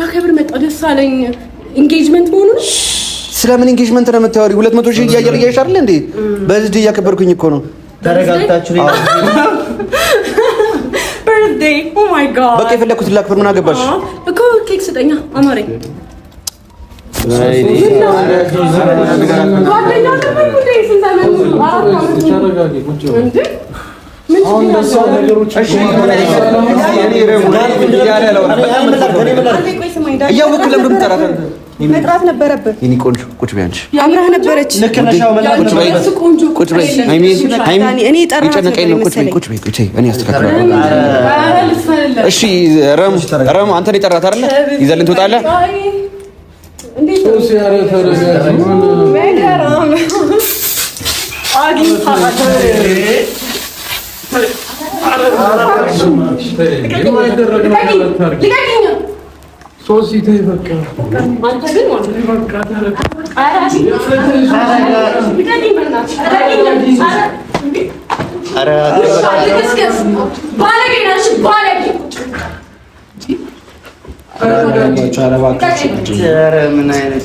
ማከብር መጣ ደስ አለኝ። ኢንጌጅመንት መሆኑን ስለምን ኢንጌጅመንት ነው የምታወሪው? ሁለት መቶ ሺህ እያየር እያየሽ አይደል እንዴ? በዚህ እያከበርኩኝ እኮ ነው። ተረጋግታችሁ በርዝዴይ ኦ ማይ ጋድ በቃ የፈለኩት ላክብር። ምን አገባሽ እኮ ኬክ ስጠኛ አማረኝ። ጓደኛ ቀበል ጉዳይ ስንት አመት ነው? አራት አመት ነው መጥራት ነበረብህ። የእኔ ቆንጆ ቁጭ በይ አንቺ። አምራህ ነበረች። ቁጭ በይ እኔ የጨነቀኝ ቁጭ በይ እኔ አስተካክላለሁ። እሺ ረሙ፣ አንተን የጠራት አይደለ? ይዘልን ትወጣለህ። ምን አይነት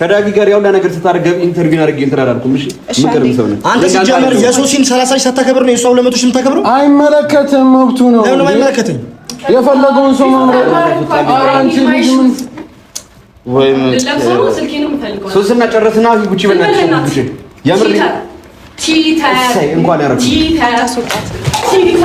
ከዳጊ ጋር ያው ለነገር ስታደርገው ኢንተርቪው አድርጌ እንትን አላልኩም። እሺ ምክርም ሰው ነው አንተ። ሲጀመር የሶሲን 30 ሳታከብር ነው የሷ 200 ሺህ የምታከብረው። አይመለከትም፣ መብቱ ነው። ለምን አይመለከትም? የፈለገውን ሰው መምረጥ አራንቲ ምን ወይ ምን ሶስና ጨረስና ጉቺ በእናትሽ ጉቺ የምር ቺታ እንኳን ያረኩ ቲታ ቲታ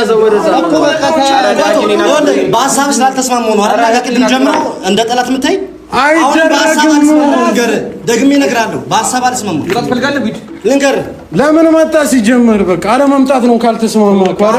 ያዘው ወደዛ በሀሳብ ነው አይደል? እንደ ጠላት የምታይ ደግሜ እነግርሃለሁ፣ በሀሳብ ለምን መጣ ሲጀምር በቃ አለመምጣት ነው ካልተስማማ እኮ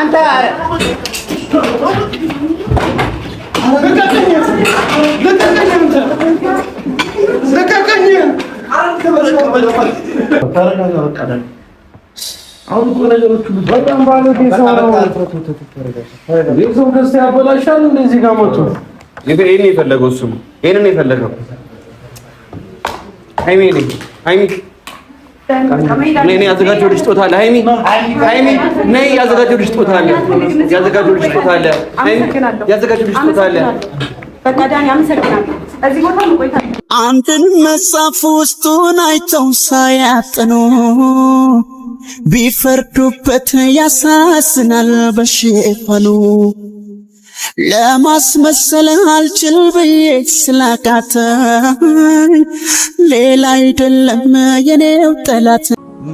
አንተ አሁን እኮ ነገሮቹ በጣም ባለ ሰው ነው። ሰው ደስታ ያበላሻል። እንደዚህ ጋር መጥቶ ይሄን የፈለገው እሱም ይሄንን የፈለገው ሃይሚ ሃይሚ እኔ ያዘጋጀሁልሽ ስጦታ አለ። ሃይሚ ሃይሚ ነይ፣ ያዘጋጀሁልሽ ስጦታ አለ። ያዘጋጀሁልሽ ስጦታ አለ። ያዘጋጀሁልሽ ስጦታ አለ። አንተን መጽሐፍ ውስጡን አይተው ሳያጥኑ ቢፈርዱበት ያሳዝናል በሽፈኑ ለማስመሰል አልችል ብዬ ስላቃተኝ ሌላ አይደለም የኔው ጠላት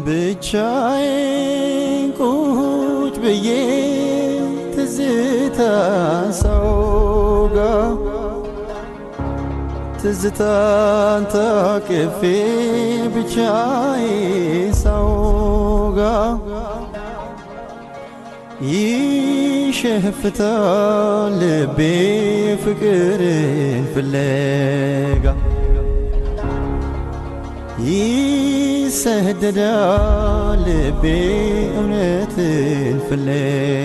ብቻዬን ቁጭ ብዬ ትዝታ ሰው ጋ ትዝታን ታቅፌ ብቻዬ ሰው ጋ شفت لبي فكري في الليقة يسهد لبي أمنتين في الليقة